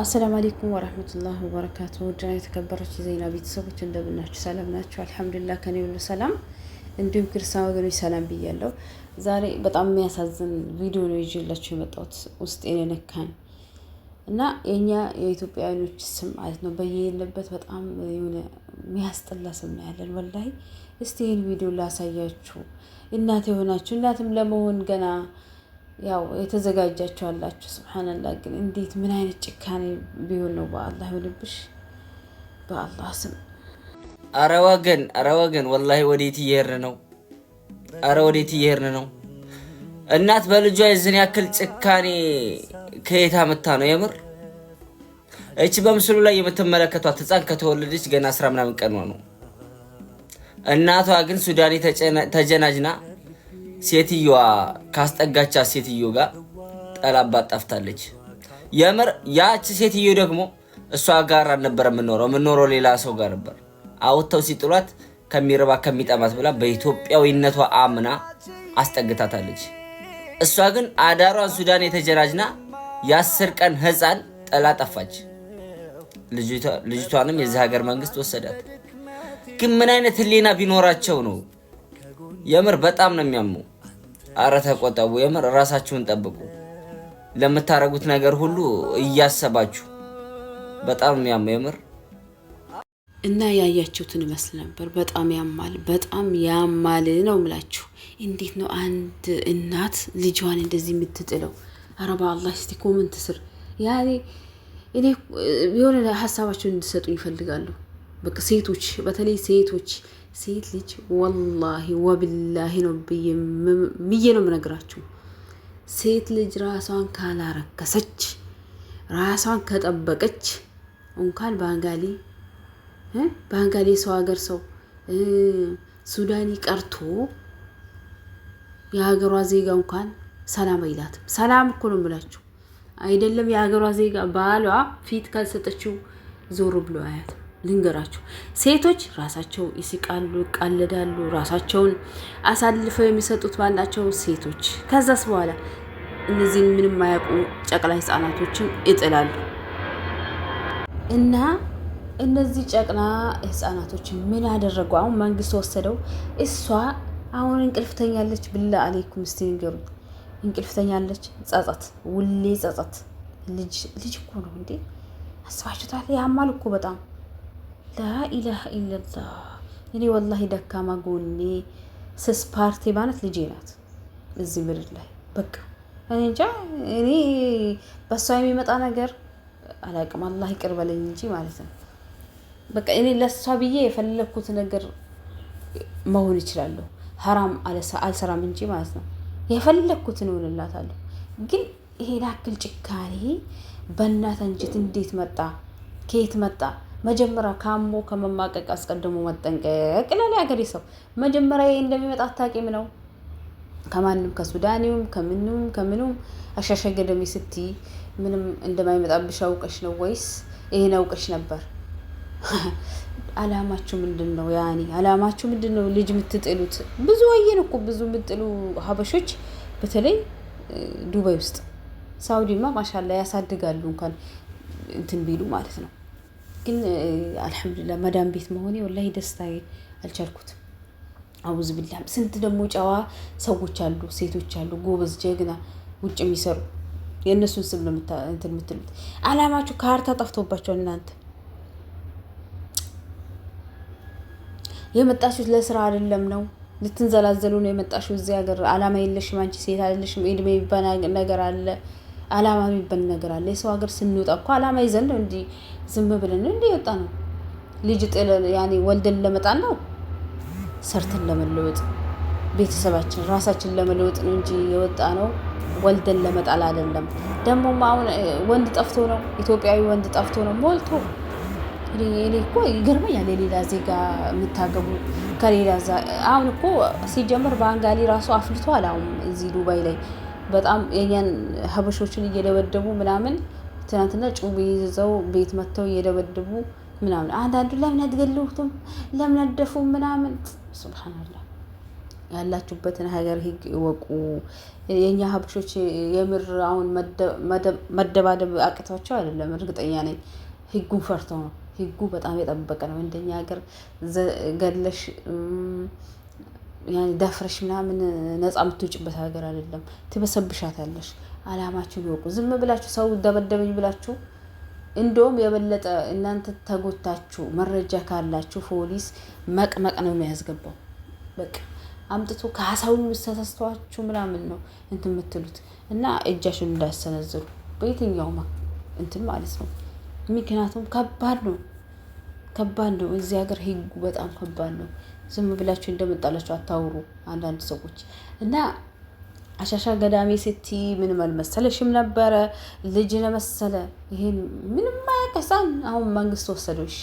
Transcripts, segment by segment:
አሰላም አሌይኩም ወረህመቱላህ ወበረካቱ ውድና የተከበራችሁ የዜና ቤተሰቦች እንደምናችሁ፣ ሰላም ናችሁ? አልሐምዱሊላህ ከኔ ሁሉ ሰላም፣ እንዲሁም ክርስቲያን ወገኖች ሰላም ብያለሁ። ዛሬ በጣም የሚያሳዝን ቪዲዮ ነው ይዤላችሁ የመጣሁት ውስጤን የነካኝ እና የእኛ የኢትዮጵያውያኖች ስም ማለት ነው በየሌለበት በጣም የሆነ የሚያስጠላ ስም ያለን ወላሂ። እስቲ ይህን ቪዲዮ ላሳያችሁ። እናት የሆናችሁ እናትም ለመሆን ገና ያው የተዘጋጃችሁ አላችሁ። ስብሓንላህ ግን እንዴት ምን አይነት ጭካኔ ቢሆን ነው? በአላህ ይሁንብሽ፣ በአላህ ስም። አረ ወገን፣ አረ ወገን፣ ወላሂ ወዴት እየሄድን ነው? አረ ወዴት እየሄድን ነው? እናት በልጇ የዝን ያክል ጭካኔ ከየት አመታ ነው? የምር እች በምስሉ ላይ የምትመለከቷት ህፃን ከተወለደች ገና አስራ ምናምን ቀኖ ነው። እናቷ ግን ሱዳኔ ተጀናጅና ሴትዮዋ ካስጠጋቻ ሴትዮ ጋር ጠላባት ጠፍታለች። የምር ያች ሴትዮ ደግሞ እሷ ጋር አልነበረ የምኖረው የምኖረው ሌላ ሰው ጋር ነበር። አውጥተው ሲጥሏት ከሚረባ ከሚጠማት ብላ በኢትዮጵያዊነቷ አምና አስጠግታታለች። እሷ ግን አዳሯን ሱዳን የተጀናጅና የአስር ቀን ህፃን ጥላ ጠፋች። ልጅቷንም የዚህ ሀገር መንግስት ወሰዳት። ግን ምን አይነት ህሊና ቢኖራቸው ነው የምር በጣም ነው የሚያመው። አረ ተቆጠቡ፣ የምር ራሳችሁን ጠብቁ። ለምታደረጉት ነገር ሁሉ እያሰባችሁ በጣም የሚያመው የምር እና ያያችሁትን ይመስል ነበር። በጣም ያማል፣ በጣም ያማል ነው ምላችሁ። እንዴት ነው አንድ እናት ልጇን እንደዚህ የምትጥለው? አረባ አላህ እስቲ ኮመንት ስር ያኔ እኔ የሆነ ሀሳባችሁን እንድሰጡ ይፈልጋሉ። በቃ ሴቶች በተለይ ሴቶች ሴት ልጅ ወላሂ ወብላሂ ነው ብዬ ነው የምነግራችሁ። ሴት ልጅ ራሷን ካላረከሰች ራሷን ከጠበቀች እንኳን ባንጋሊ ባንጋሊ ሰው ሀገር ሰው ሱዳኒ ቀርቶ የሀገሯ ዜጋ እንኳን ሰላም አይላትም። ሰላም እኮ ነው የምላችሁ አይደለም። የሀገሯ ዜጋ ባሏ ፊት ካልሰጠችው ዞር ብሎ አያት። ልንገራችሁ፣ ሴቶች ራሳቸው ይስቃሉ፣ ይቃለዳሉ፣ ራሳቸውን አሳልፈው የሚሰጡት ባላቸው ሴቶች። ከዛስ በኋላ እነዚህን ምንም ማያውቁ ጨቅላ ህጻናቶችን ይጥላሉ እና እነዚህ ጨቅና ህፃናቶች ምን አደረጉ? አሁን መንግስት ወሰደው። እሷ አሁን እንቅልፍተኛለች ብላ አሌኩም እስቲ ንገሩ። እንቅልፍተኛለች። ጸጸት፣ ውሌ ጸጸት። ልጅ ልጅ እኮ ነው እንዴ! አስባችሁታል? ያማል እኮ በጣም ላኢላሃ ኢለላህ። እኔ ወላሂ ደካማ ጎኔ ስስ ፓርቲ ማለት ልጄ ናት። እዚህ ምድር ላይ በቃ እኔ እንጃ እኔ በእሷ የሚመጣ ነገር አላቅም። አላህ ይቅር በለኝ እንጂ ማለት ነው። በቃ እኔ ለእሷ ብዬ የፈለግኩት ነገር መሆን ይችላለሁ። ሀራም አልሰራም እንጂ ማለት ነው። የፈለግኩትን እሆንላታለሁ። ግን ይሄን ያክል ጭካኔ በእናት አንጀት እንዴት መጣ? ከየት መጣ? መጀመሪያ ካሞ ከመማቀቅ አስቀድሞ መጠንቀቅ ይላል የሀገሬ ሰው። መጀመሪያ እንደሚመጣ አታውቂም ነው ከማንም ከሱዳኒውም ከምንም ከምኑም አሻሸገ ደሜ ስትይ ምንም እንደማይመጣብሽ አውቀሽ ነው ወይስ ይሄን አውቀሽ ነበር? አላማችሁ ምንድን ነው? ያኔ አላማችሁ ምንድን ነው? ልጅ የምትጥሉት ብዙ አየን እኮ ብዙ የምትጥሉ ሀበሾች፣ በተለይ ዱባይ ውስጥ። ሳውዲማ ማሻላ ያሳድጋሉ እንኳን እንትን ቢሉ ማለት ነው። ግን አልሐምዱሊላህ መዳም ቤት መሆኔ ወላሂ ደስታ አልቻልኩትም። አውዝ ብላም ስንት ደግሞ ጨዋ ሰዎች አሉ፣ ሴቶች አሉ፣ ጎበዝ ጀግና ውጭ የሚሰሩ የእነሱን ስም ነው የምትሉት። አላማችሁ ካርታ ጠፍቶባቸዋል። እናንተ የመጣችሁት ለስራ አይደለም ነው፣ ልትንዘላዘሉ ነው የመጣችሁ እዚህ ሀገር። አላማ የለሽም አንቺ ሴት አይደለሽም። እድሜ የሚባል ነገር አለ አላማ የሚባል ነገር አለ። የሰው ሀገር ስንወጣ እኮ አላማ ይዘን ነው እንዲህ ዝም ብለን ነው እንዲህ የወጣ ነው። ልጅ ጥለን ያኔ ወልደን ለመጣን ነው ሰርተን ለመለወጥ ቤተሰባችን ራሳችን ለመለወጥ ነው እንጂ የወጣ ነው ወልደን ለመጣል አይደለም። ደግሞም አሁን ወንድ ጠፍቶ ነው ኢትዮጵያዊ ወንድ ጠፍቶ ነው ሞልቶ። እኔ እኮ ይገርመኛል የሌላ ዜጋ የምታገቡ ከሌላ አሁን እኮ ሲጀመር ባንጋሊ ራሱ አፍልቷል። አሁን እዚህ ዱባይ ላይ በጣም የኛን ሀበሾችን እየደበደቡ ምናምን ትናንትና ጩቤ ይዘው ቤት መጥተው እየደበደቡ ምናምን አንዳንዱ ለምን አትገለሁትም ለምን አትደፉም ምናምን ሱብሃነላህ ያላችሁበትን ሀገር ህግ እወቁ። የእኛ ሀብሾች የምር አሁን መደባደብ አቅቷቸው አይደለም፣ እርግጠኛ ነኝ ህጉን ፈርተው ነው። ህጉ በጣም የጠበቀ ነው። እንደኛ ሀገር ገለሽ ደፍረሽ ምናምን ነፃ የምትውጭበት ሀገር አይደለም። ትበሰብሻታለሽ። አላማችሁ ይወቁ። ዝም ብላችሁ ሰው ደበደበኝ ብላችሁ እንደውም የበለጠ እናንተ ተጎታችሁ መረጃ ካላችሁ ፖሊስ መቅመቅ ነው የሚያስገባው። በቃ አምጥቶ ከሀሳቡ ተሳስቷችሁ ምናምን ነው እንትን የምትሉት እና እጃችሁን እንዳሰነዝሩ በየትኛው እንትን ማለት ነው። ምክንያቱም ከባድ ነው። ከባድ ነው። እዚህ ሀገር ህጉ በጣም ከባድ ነው። ዝም ብላችሁ እንደመጣላችሁ አታውሩ አንዳንድ ሰዎች እና አሻሻ ገዳሜ ስቲ ምንም አልመሰለሽም ነበረ ልጅ ለመሰለ ይሄን ምንም አያቀሳን። አሁን መንግስት ወሰደሽ፣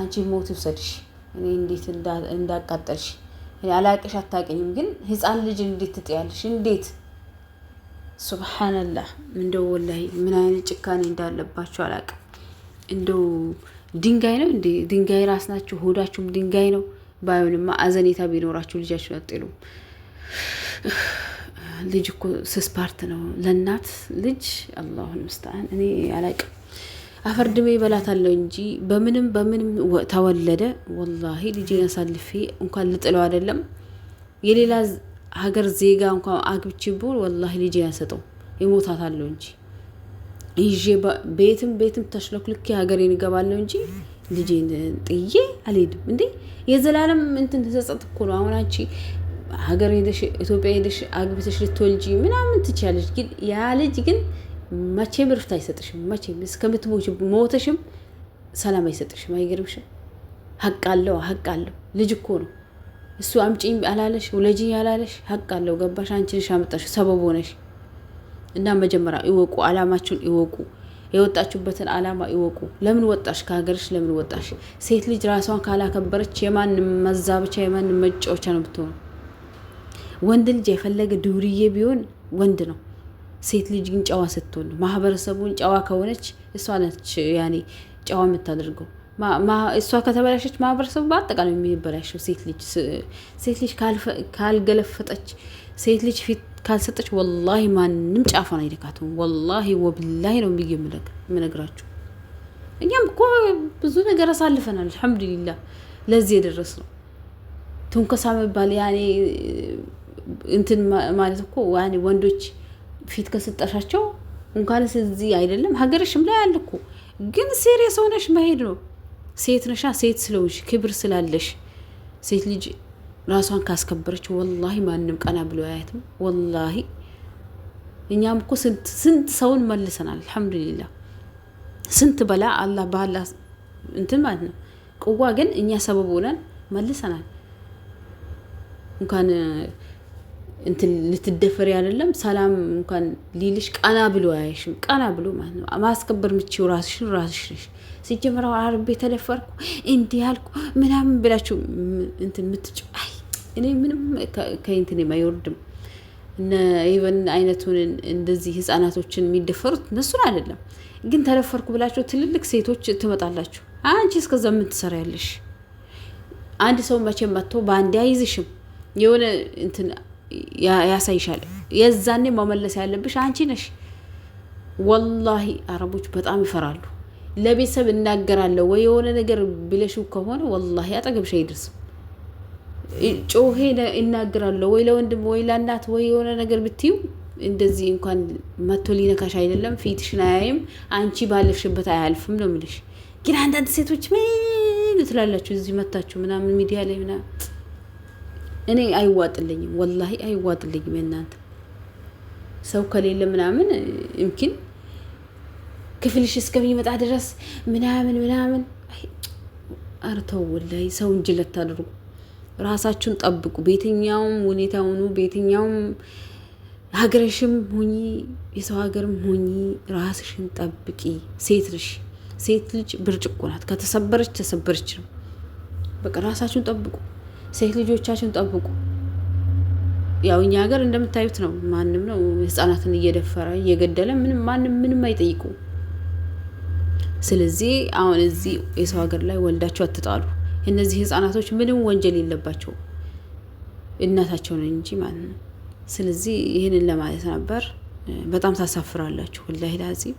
አንቺ ሞት ይውሰድሽ። እኔ እንዴት እንዳቃጠልሽ አላቅሽ አታቀኝም። ግን ህፃን ልጅ እንዴት ትጥያለሽ? እንዴት ሱብሓነላህ። እንደው ወላሂ ምን አይነት ጭካኔ እንዳለባቸው አላቅም እንደው ድንጋይ ነው እንዴ? ድንጋይ ራስ ናችሁ፣ ሆዳችሁም ድንጋይ ነው። ባይሆንማ አዘኔታ ቢኖራችሁ ልጃችሁ ያጤሉ። ልጅ እኮ ስስ ፓርት ነው ለእናት ልጅ። አላሁን ምስተአን እኔ አላቅም። አፈር ድሜ ይበላታለሁ እንጂ በምንም በምንም ተወለደ። ወላሂ ልጄን አሳልፌ እንኳን ልጥለው አይደለም የሌላ ሀገር ዜጋ እንኳን አግብቼ ብሆን ወላሂ ልጄን አልሰጠውም፣ ይሞታታለሁ እንጂ ይዤ ቤትም ቤትም ተሽለኩልክ ሀገሬን እገባለሁ እንጂ ልጄን ጥዬ አልሄድም። እንዴ የዘላለም እንትን ተሰጠት እኮ ነው። አሁን አንቺ ሀገር ሄደሽ ኢትዮጵያ ሄደሽ አግብተሽ ልትወልጂ ምናምን ትችያለሽ፣ ግን ያ ልጅ ግን መቼም እርፍት አይሰጥሽም። መቼም እስከምትሞች ሞተሽም ሰላም አይሰጥሽም። አይገርምሽም? ሀቅ አለው፣ ሀቅ አለው። ልጅ እኮ ነው እሱ። አምጪኝ አላለሽ፣ ውለጂኝ አላለሽ፣ ሀቅ አለው። ገባሽ? አንቺ ልሽ አመጣሽ፣ ሰበብ ሆነሽ እና መጀመሪያ ይወቁ፣ አላማችሁን ይወቁ፣ የወጣችሁበትን አላማ ይወቁ። ለምን ወጣሽ? ከሀገርሽ ለምን ወጣሽ? ሴት ልጅ ራሷን ካላከበረች የማን መዛብቻ የማን መጫወቻ ነው ብትሆኑ። ወንድ ልጅ የፈለገ ድውርዬ ቢሆን ወንድ ነው። ሴት ልጅ ግን ጨዋ ስትሆን ማህበረሰቡን ጨዋ ከሆነች እሷ ነች ያኔ ጨዋ የምታደርገው። እሷ ከተበላሸች ማህበረሰቡ በአጠቃላይ የሚበላሸው ሴት ልጅ ሴት ልጅ ካልገለፈጠች ሴት ልጅ ፊት ካልሰጠች ወላሂ ማንም ጫፏን አይደካትም። ወላሂ ወብላሂ ነው ብዬ የምነግራችሁ። እኛም እኮ ብዙ ነገር አሳልፈናል። አልሐምዱሊላ ለዚህ የደረስ ነው። ትንኮሳ መባል ያኔ እንትን ማለት እኮ ያኔ ወንዶች ፊት ከሰጠሻቸው እንኳንስ እዚህ አይደለም ሀገርሽም ላይ አለ እኮ ግን ሴሪየስ ሆነሽ መሄድ ነው። ሴት ነሻ፣ ሴት ስለውሽ ክብር ስላለሽ ሴት ልጅ ራሷን ካስከበረች ወላሂ ማንም ቀና ብሎ አያትም። ወላሂ እኛም እኮ ስንት ሰውን መልሰናል። አልሐምዱሊላ ስንት በላ አላህ ባላ እንትን ማለት ነው። ቅዋ ግን እኛ ሰበብ ሆነን መልሰናል እንኳን እንትን ልትደፈሪ አይደለም ሰላም እንኳን ሊልሽ ቀና ብሎ አያሽም። ቀና ብሎ ማለት ነው ማስከበር ምችው ራስሽን ራስሽ ነሽ። ሲጀምረው አርቤ ተደፈርኩ እንዲህ አልኩ ምናምን ብላችሁ እንትን ምትጭ አይ እኔ ምንም ከእንትን አይወርድም። እነ አይነቱን እንደዚህ ህጻናቶችን የሚደፈሩት እነሱን አይደለም ግን ተደፈርኩ ብላችሁ ትልልቅ ሴቶች ትመጣላችሁ። አንቺ እስከዛ ምን ትሰራ ያለሽ? አንድ ሰው መቼ መጥቶ በአንድ አይዝሽም የሆነ እንትን ያሳይሻል። የዛኔ መመለስ ያለብሽ አንቺ ነሽ። ወላሂ አረቦች በጣም ይፈራሉ። ለቤተሰብ እናገራለሁ ወይ የሆነ ነገር ብለሽው ከሆነ ወላሂ አጠገብሽ አይደርስም። ጮሄ እናገራለሁ ወይ ለወንድም ወይ ለእናት ወይ የሆነ ነገር ብትዩ እንደዚህ እንኳን መቶ ሊነካሽ አይደለም፣ ፊትሽን አያይም፣ አንቺ ባለፍሽበት አያልፍም ነው የምልሽ። ግን አንዳንድ ሴቶች ምን ትላላችሁ እዚህ መታችሁ ምናምን ሚዲያ ላይ ምናምን እኔ አይዋጥልኝም፣ ወላሂ አይዋጥልኝም። እናንተ ሰው ከሌለ ምናምን እምኪን ክፍልሽ እስከሚመጣ ድረስ ምናምን ምናምን አርተው ወላሂ ሰው እንጂ ለታደርጉ ራሳችሁን ጠብቁ። በየትኛውም ሁኔታ ሆኑ፣ በየትኛውም ሀገርሽም ሆኚ የሰው ሀገርም ሆኚ ራስሽን ጠብቂ። ሴት ልሽ ሴት ልጅ ብርጭቆ ናት። ከተሰበረች ተሰበረች ነው። በቃ ራሳችሁን ጠብቁ። ሴት ልጆቻችን ጠብቁ። ያው እኛ ሀገር እንደምታዩት ነው። ማንም ነው ህጻናትን እየደፈረ እየገደለ ምንም ማንም ምንም አይጠይቁ። ስለዚህ አሁን እዚህ የሰው ሀገር ላይ ወልዳቸው አትጣሉ። እነዚህ ህጻናቶች ምንም ወንጀል የለባቸው እናታቸው ነው እንጂ ማለት ነው። ስለዚህ ይህንን ለማለት ነበር። በጣም ታሳፍራላችሁ ወላሂ ላዚም